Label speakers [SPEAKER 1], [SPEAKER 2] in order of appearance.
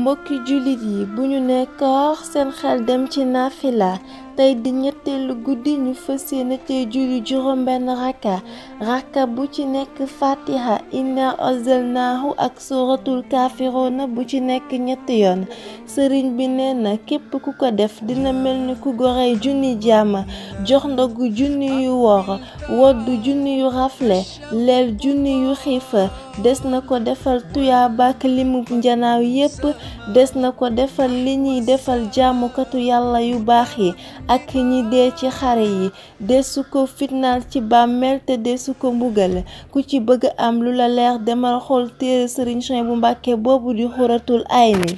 [SPEAKER 1] mbokki jullit yi bu ñu nekkoor seen xel dem ci nafila tey di ñetteelu guddi ñu fas yéene tey julli juróom benn rakka rakka bu ci nekk fatiha inna anzalnaahu ak suratul kafirona bu ci nekk ñetti yoon sëriñ bi nee na képp ku ko def dina mel ni ku gorey junni jàmma jox ndogu junni yu woor woddu junni yu rafle leel junni yu xiifa des na ko defal tuyaaba ak limub njanaaw yépp des na ko defal li ñuy defal jaamukatu yàlla yu baax yi ak ñi dee ci xare yi desu ko fitnaal ci bàmmeel te desu ko mbugal ku ci bëgg am lu la leer demal xool téere sëriñ Souhaïbou bu Mbàkke boobu di xuratul
[SPEAKER 2] ay ni